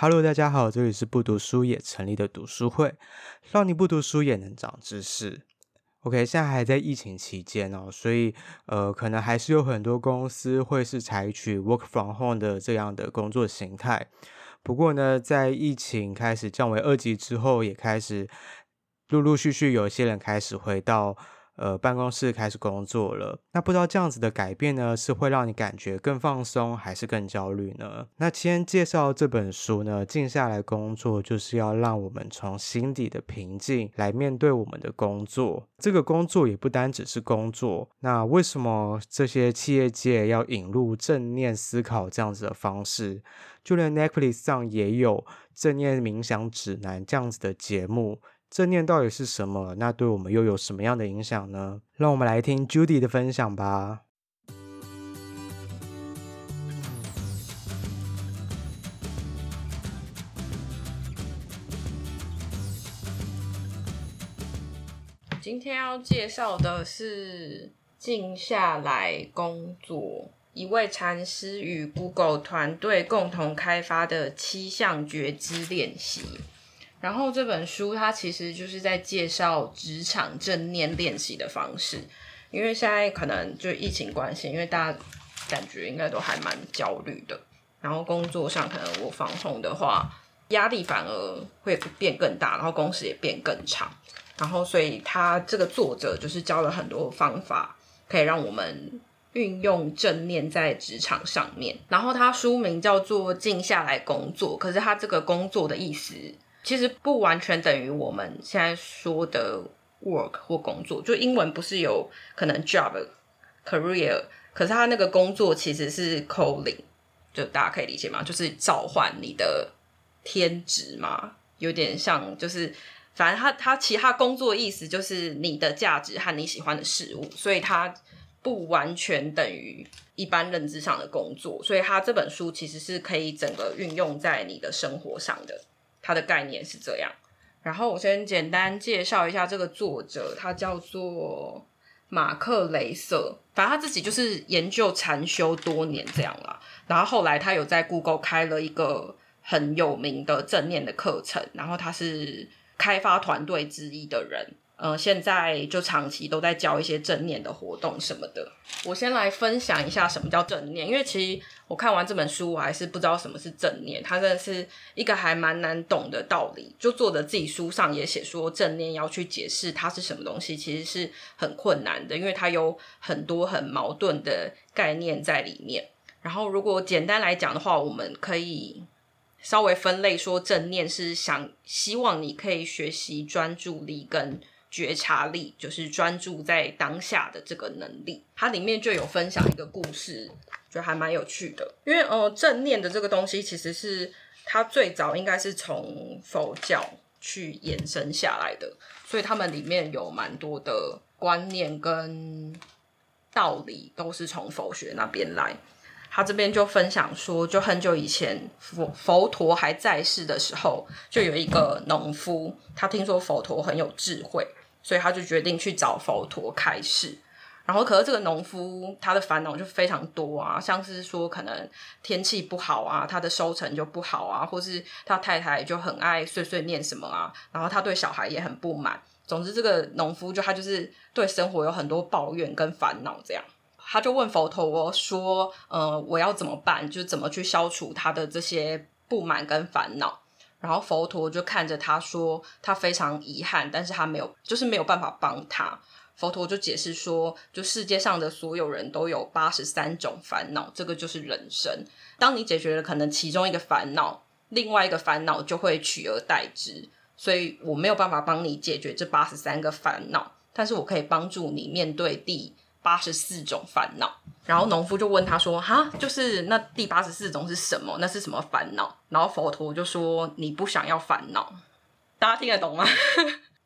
Hello，大家好，這裡是不讀書也成立的讀書會，讓你不讀書也能長知識。OK，現在還在疫情期間哦，所以呃，可能還是有很多公司會是採取 work from home 的這樣的工作形態。不過呢，在疫情開始降為二級之後，也開始陸陸續續有一些人開始回到。呃，辦公室開始工作了。那不知道這樣子的改變呢，是會讓你感覺更放鬆，還是更焦慮呢？那先介紹這本書呢，靜下來工作就是要讓我們從心底的平靜來面對我們的工作。這個工作也不單只是工作。那為什麼這些企業界要引入正念思考這樣子的方式？就連 Netflix 上也有正念冥想指南這樣子的節目。正念到底是什麼？那對我們又有什麼樣的影響呢？讓我們來聽 Judy 的分享吧。今天要介紹的是靜下來工作，一位禪師與 Google 團隊共同開發的七項覺知練習。然後這本書它其實就是在介紹職場正念練習的方式，因為現在可能就疫情關係，因為大家感覺應該都還蠻焦慮的，然後工作上可能我防控的話，壓力反而會變更大，然後工時也變更長，然後所以他這個作者就是教了很多方法，可以讓我們運用正念在職場上面。然後他書名叫做《靜下來工作》，可是他這個工作的意思，其實不完全等於我們現在說的 work 或工作，就英文不是有可能 job，career，可是他那個工作其實是 calling，就大家可以理解嗎？就是召喚你的天職嘛，有點像就是，反正他他其他工作意思就是你的價值和你喜歡的事物，所以他不完全等於一般認知上的工作，所以他這本書其實是可以整個運用在你的生活上的。他的概念是這樣，然後我先簡單介紹一下這個作者，他叫做馬克雷瑟，反正他自己就是研究禪修多年這樣啦。然後後來他有在 Google 開了一個很有名的正念的課程，然後他是開發團隊之一的人。嗯，現在就長期都在教一些正念的活動什麼的。我先來分享一下什麼叫正念，因為其實我看完這本書，我還是不知道什麼是正念。它真的是一個還蠻難懂的道理。就作者自己書上也寫說，正念要去解釋它是什麼東西，其實是很困難的，因為它有很多很矛盾的概念在裡面。然後如果簡單來講的話，我們可以稍微分類說，正念是想希望你可以學習專注力跟覺察力，就是專注在當下的這個能力。它裡面就有分享一個故事，就還蠻有趣的。因為呃，正念的這個東西其實是他最早應該是從佛教去延伸下來的，所以他們裡面有蠻多的觀念跟道理都是從佛學那邊來。他這邊就分享說，就很久以前佛佛陀還在世的時候，就有一個農夫，他聽說佛陀很有智慧。所以他就決定去找佛陀開示，然後可是這個農夫他的煩惱就非常多啊，像是說可能天氣不好啊，他的收成就不好啊，或是他太太就很愛碎碎念什麼啊，然後他對小孩也很不滿，總之這個農夫就他就是對生活有很多抱怨跟煩惱，這樣他就問佛陀說：“嗯、呃，我要怎麼辦？就是怎麼去消除他的這些不滿跟煩惱？”然後佛陀就看着他說：“他非常遺憾，但是他沒有，就是沒有辦法幫他。”佛陀就解釋說：“就世界上的所有人都有八十三種煩惱，這個就是人生。當你解決了可能其中一個煩惱，另外一個煩惱就會取而代之，所以我沒有辦法幫你解決這八十三個煩惱，但是我可以幫助你面對地。”八十四種煩惱，然後農夫就問他說：“哈，就是那第八十四種是什麼？那是什麼煩惱？”然後佛陀就說：“你不想要煩惱，大家聽得懂嗎？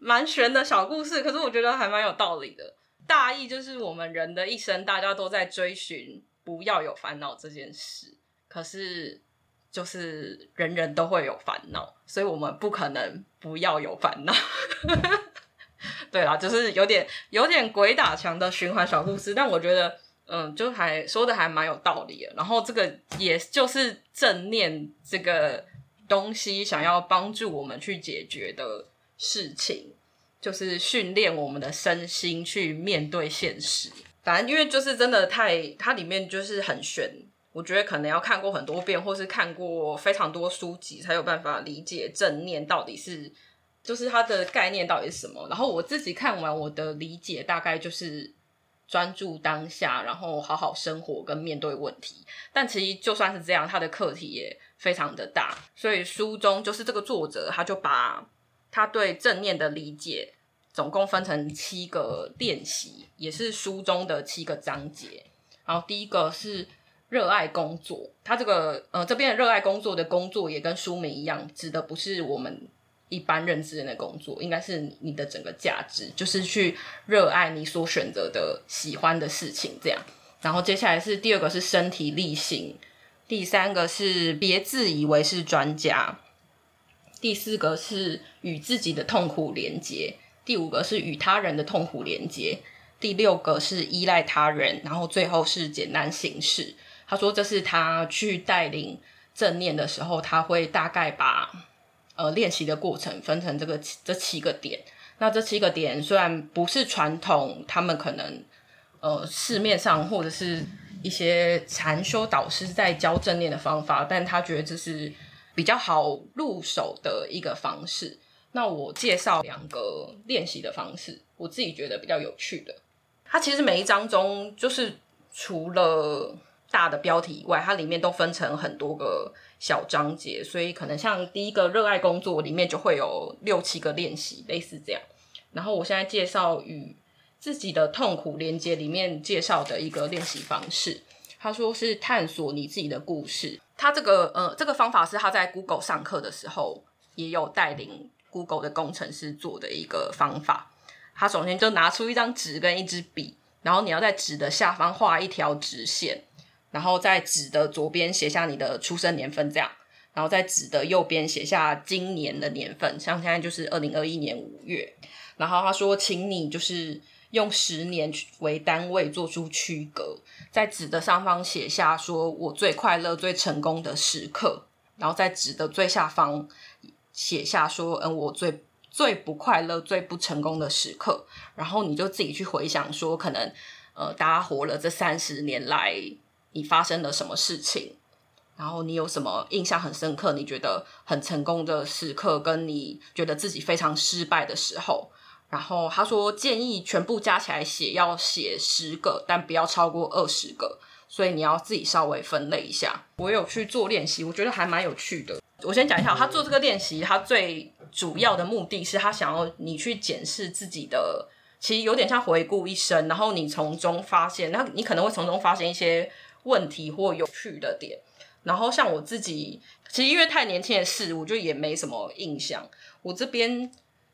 蠻 玄的小故事，可是我覺得還蠻有道理的。大意就是我們人的一生，大家都在追尋不要有煩惱這件事，可是就是人人都會有煩惱，所以我們不可能不要有煩惱。 ”對啦，就是有點有點鬼打牆的循環小故事，但我覺得，嗯，就還說的還蠻有道理的。然後這個也就是正念這個東西，想要幫助我們去解決的事情，就是訓練我們的身心去面對現實。反正因為就是真的太，它裡面就是很玄。我覺得可能要看過很多遍，或是看過非常多書籍，才有辦法理解正念到底是。就是它的概念到底是什麼？然後我自己看完，我的理解大概就是專注當下，然後好好生活跟面對問題。但其實就算是這樣，他的課題也非常的大。所以書中就是這個作者他就把他對正念的理解，總共分成七個練習，也是書中的七個章節。然後第一個是熱愛工作，他這個呃這邊熱愛工作的工作也跟書名一樣，指的不是我們。一般認知人的工作應該是你的整個價值，就是去熱愛你所選擇的、喜歡的事情。這樣，然後接下來是第二個，是身體力行；第三個是別自以為是專家；第四個是與自己的痛苦連接；第五個是與他人的痛苦連接；第六個是依賴他人；然後最後是簡單行事。他說這是他去帶領正念的時候，他會大概把。呃，練習的過程分成這個，這七個點。那這七個點雖然不是傳統，他們可能呃市面上或者是一些禪修導師在教正念的方法，但他覺得這是比較好入手的一個方式。那我介紹兩個練習的方式，我自己覺得比較有趣的。它其實每一章中，就是除了大的標題以外，它裡面都分成很多個。小章節，所以可能像第一個熱愛工作裡面就會有六七個練習，類似這樣。然後我現在介紹與自己的痛苦連接裡面介紹的一個練習方式，他說是探索你自己的故事。他這個呃，這個方法是他在 Google 上課的時候也有帶領 Google 的工程師做的一個方法。他首先就拿出一張紙跟一支筆，然後你要在紙的下方畫一條直線。然後在紙的左邊寫下你的出生年份，這樣，然後在紙的右邊寫下今年的年份，像現在就是二零二一年五月。然後他說，請你就是用十年為單位做出區隔，在紙的上方寫下說我最快樂、最成功的時刻，然後在紙的最下方寫下說，嗯，我最，最不快樂、最不成功的時刻。然後你就自己去回想，說可能，呃，大家活了這三十年來。你發生了什麼事情？然後你有什麼印象很深刻？你覺得很成功的時刻，跟你覺得自己非常失敗的時候。然後他說，建議全部加起來寫，要寫十個，但不要超過二十個。所以你要自己稍微分類一下。我有去做練習，我覺得還蠻有趣的。我先講一下，他做這個練習，他最主要的目的是他想要你去檢視自己的，其實有點像回顧一生，然後你從中發現，那你可能會從中發現一些。問題或有趣的點，然後像我自己，其實因為太年輕的事，我就也沒什麼印象。我這邊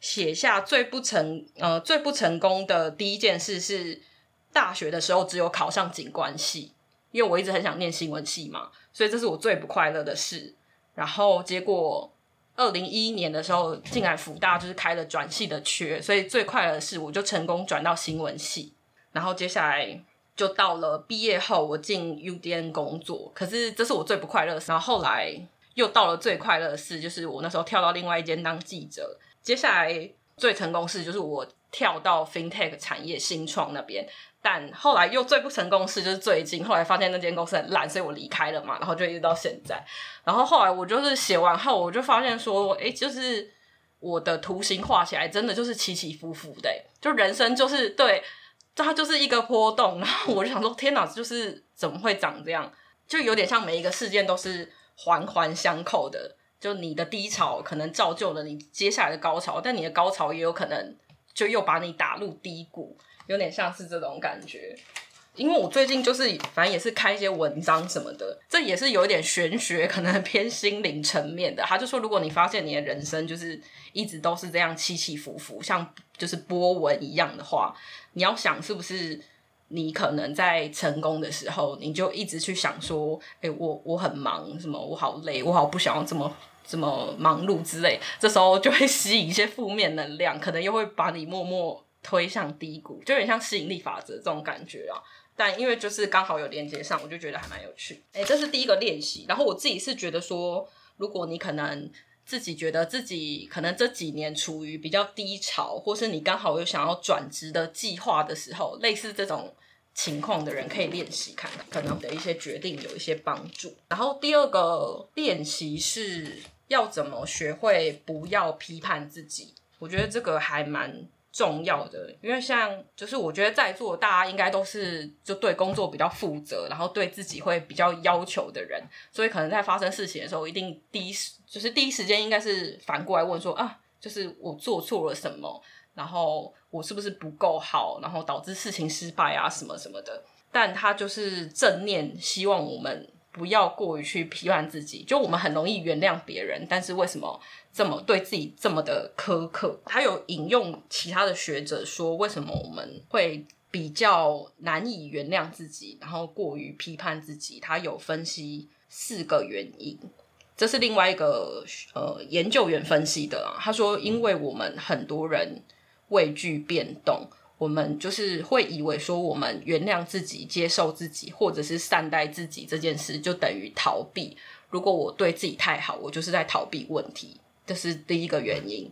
寫下最不成，呃最不成功的第一件事是大學的時候只有考上景觀系，因為我一直很想念新聞系嘛，所以這是我最不快樂的事。然後結果二零一一年的時候，竟然輔大就是開了轉系的缺，所以最快樂的事，我就成功轉到新聞系。然後接下來。就到了畢業後，我進 UDN 工作，可是這是我最不快樂的事。然後後來又到了最快樂的事，就是我那時候跳到另外一間當記者。接下來最成功的事就是我跳到 FinTech 產業新創那邊，但後來又最不成功的事就是最近，後來發現那間公司很爛，所以我離開了嘛。然後就一直到現在。然後後來我就是寫完後，我就發現說，哎、欸，就是我的圖形畫起來真的就是起起伏伏的，欸，就人生就是對。它就是一個波動，然後我就想說，天哪，就是怎麼會長這樣？就有點像每一個事件都是環環相扣的，就你的低潮可能造就了你接下來的高潮，但你的高潮也有可能就又把你打入低谷，有點像是這種感覺。因為我最近就是反正也是看一些文章什麼的，這也是有一點玄學，可能偏心靈層面的。他就說，如果你發現你的人生就是一直都是這樣起起伏伏，像就是波紋一樣的話，你要想是不是你可能在成功的時候，你就一直去想說，哎、欸，我我很忙，什麼我好累，我好不想要這麼這麼忙碌之類，這時候就會吸引一些負面能量，可能又會把你默默。推向低谷，就有點像吸引力法則這種感覺啊。但因為就是剛好有連接上，我就覺得還蠻有趣。哎，這是第一個練習。然後我自己是覺得說，如果你可能自己覺得自己可能這幾年處於比較低潮，或是你剛好有想要轉職的計劃的時候，類似這種情況的人可以練習看看，可能的一些決定有一些幫助。然後第二個練習是要怎麼學會不要批判自己。我覺得這個還蠻。重要的，因為像就是我覺得在座大家應該都是就對工作比較負責，然後對自己會比較要求的人，所以可能在發生事情的時候，一定第一時就是第一時間應該是反過來問說啊，就是我做錯了什麼，然後我是不是不夠好，然後導致事情失敗啊什麼什麼的。但他就是正念，希望我們不要過於去批判自己，就我們很容易原諒別人，但是為什麼？這麼對自己這麼的苛刻，他有引用其他的學者說，為什麼我們會比較難以原諒自己，然後過於批判自己？他有分析四個原因，這是另外一個呃研究員分析的啊。他說，因為我們很多人畏懼變動，我們就是會以為說，我們原諒自己、接受自己或者是善待自己這件事，就等於逃避。如果我對自己太好，我就是在逃避問題。這是第一個原因，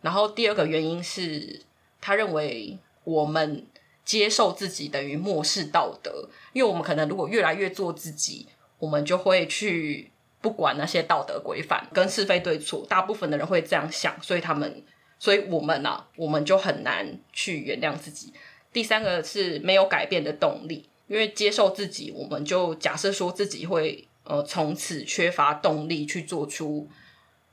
然後第二個原因是，他認為我們接受自己等於漠視道德，因為我們可能如果越來越做自己，我們就會去不管那些道德規範跟是非對錯。大部分的人會這樣想，所以他們，所以我們呢、啊，我們就很難去原諒自己。第三個是沒有改變的動力，因為接受自己，我們就假設說自己會呃從此缺乏動力去做出。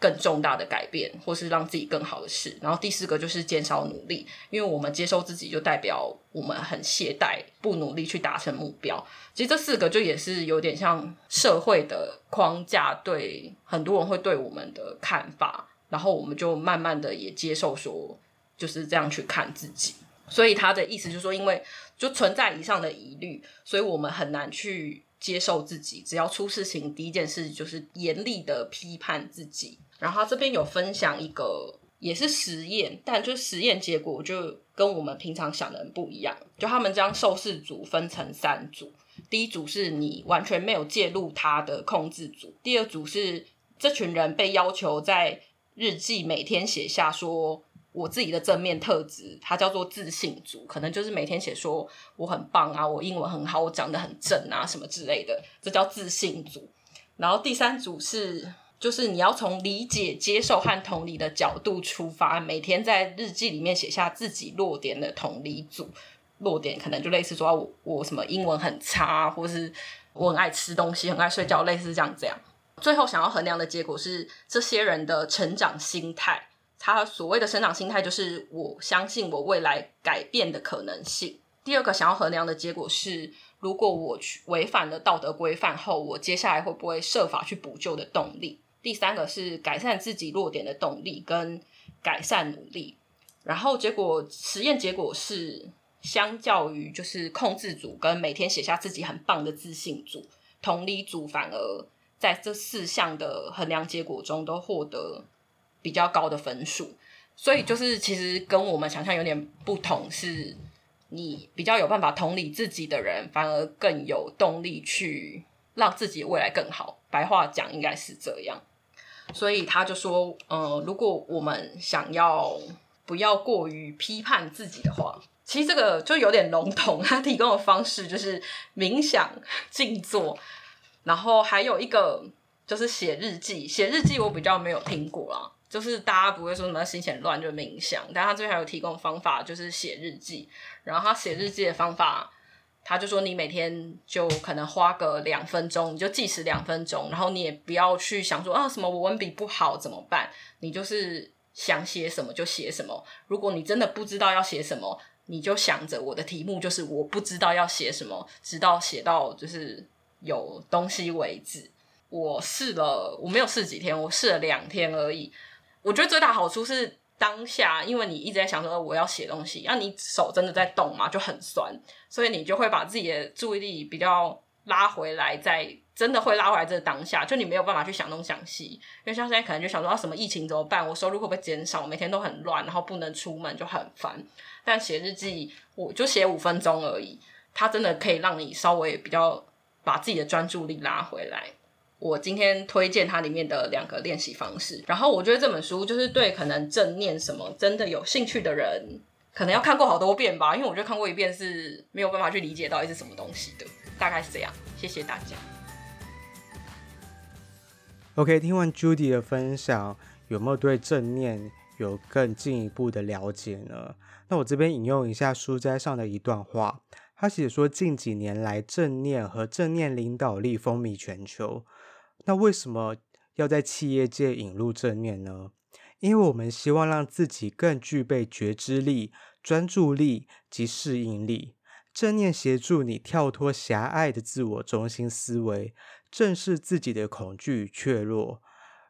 更重大的改變，或是讓自己更好的事。然後第四個就是減少努力，因為我們接受自己，就代表我們很懈怠，不努力去達成目標。其實這四個就也是有點像社會的框架，對很多人會對我們的看法。然後我們就慢慢的也接受說，就是這樣去看自己。所以他的意思就是說，因為就存在以上的疑慮，所以我們很難去接受自己。只要出事情，第一件事就是嚴厲的批判自己。然後他這邊有分享一個也是實驗，但就實驗結果就跟我們平常想的很不一樣。就他們將受試組分成三組，第一組是你完全沒有介入他的控制組，第二組是這群人被要求在日記每天寫下說我自己的正面特質，它叫做自信組，可能就是每天寫說我很棒啊，我英文很好，我長得很正啊什麼之類的，這叫自信組。然後第三組是。就是你要從理解、接受和同理的角度出發，每天在日記裡面寫下自己弱點的同理組。弱點可能就類似說我，我我什麼英文很差，或是我很愛吃東西、很愛睡覺，類似這樣這樣。最後想要衡量的結果是這些人的成長心態。他所謂的成長心態就是我相信我未來改變的可能性。第二個想要衡量的結果是，如果我去違反了道德規範後，我接下來會不會設法去補救的動力。第三個是改善自己弱點的動力跟改善努力，然後結果實驗結果是，相較於就是控制組跟每天寫下自己很棒的自信組，同理組反而在這四項的衡量結果中都獲得比較高的分數，所以就是其實跟我們想象有點不同，是你比較有辦法同理自己的人，反而更有動力去。讓自己未來更好，白話講應該是這樣。所以他就說，呃，如果我們想要不要過於批判自己的話，其實這個就有點籠統。他提供的方式就是冥想、靜坐，然後還有一個就是寫日記。寫日記我比較沒有聽過啦，就是大家不會說什麼心情亂就冥想，但他最後還有提供的方法，就是寫日記。然後他寫日記的方法，他就說：“你每天就可能花個兩分鐘，你就計時兩分鐘，然後你也不要去想說啊什麼我文筆不好怎麼辦，你就是想寫什麼就寫什麼。如果你真的不知道要寫什麼，你就想着我的題目就是我不知道要寫什麼，直到寫到就是有東西為止。”我試了，我沒有試幾天，我試了兩天而已。我覺得最大的好處是。當下，因為你一直在想說我要寫東西，那、啊、你手真的在動嘛，就很酸，所以你就會把自己的注意力比較拉回來，在真的會拉回來這個當下，就你沒有辦法去想東想西，因為像現在可能就想說，啊、什麼疫情怎麼辦，我收入會不會減少，我每天都很亂，然後不能出門就很煩。但寫日記，我就寫五分鐘而已，它真的可以讓你稍微比較把自己的專注力拉回來。我今天推薦它裡面的兩個練習方式，然後我覺得這本書就是對可能正念什麼真的有興趣的人，可能要看過好多遍吧，因為我覺得看過一遍是沒有辦法去理解到一些什麼東西的，大概是這樣。謝謝大家。OK，聽完 Judy 的分享，有沒有對正念有更進一步的了解呢？那我這邊引用一下書齋上的一段話，他寫說，近幾年來正念和正念領導力風靡全球。那為什麼要在企業界引入正念呢？因為我們希望讓自己更具備覺知力、專注力及適應力，正念協助你跳脫狹隘的自我中心思維，正視自己的恐懼與怯弱，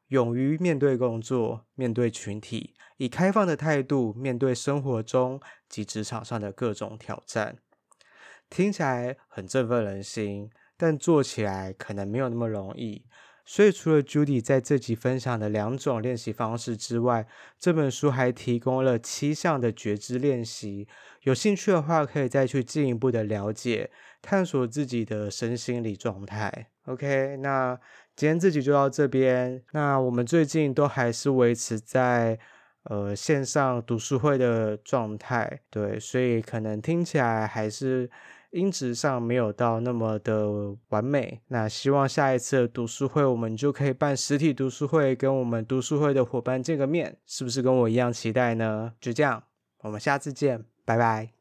勇於面對工作、面對群體，以開放的態度面對生活中及職場上的各種挑戰。聽起來很振奮人心。但做起來可能沒有那麼容易，所以除了 Judy 在這集分享的兩種練習方式之外，這本書還提供了七項的覺知練習。有興趣的話，可以再去進一步的了解，探索自己的身心理狀態。OK，那今天這集就到這邊。那我們最近都還是維持在呃線上讀書會的狀態，對，所以可能聽起來還是。音質上沒有到那麼的完美，那希望下一次讀書會我們就可以辦實體讀書會，跟我們讀書會的夥伴見個面，是不是跟我一樣期待呢？就這樣，我們下次見，拜拜。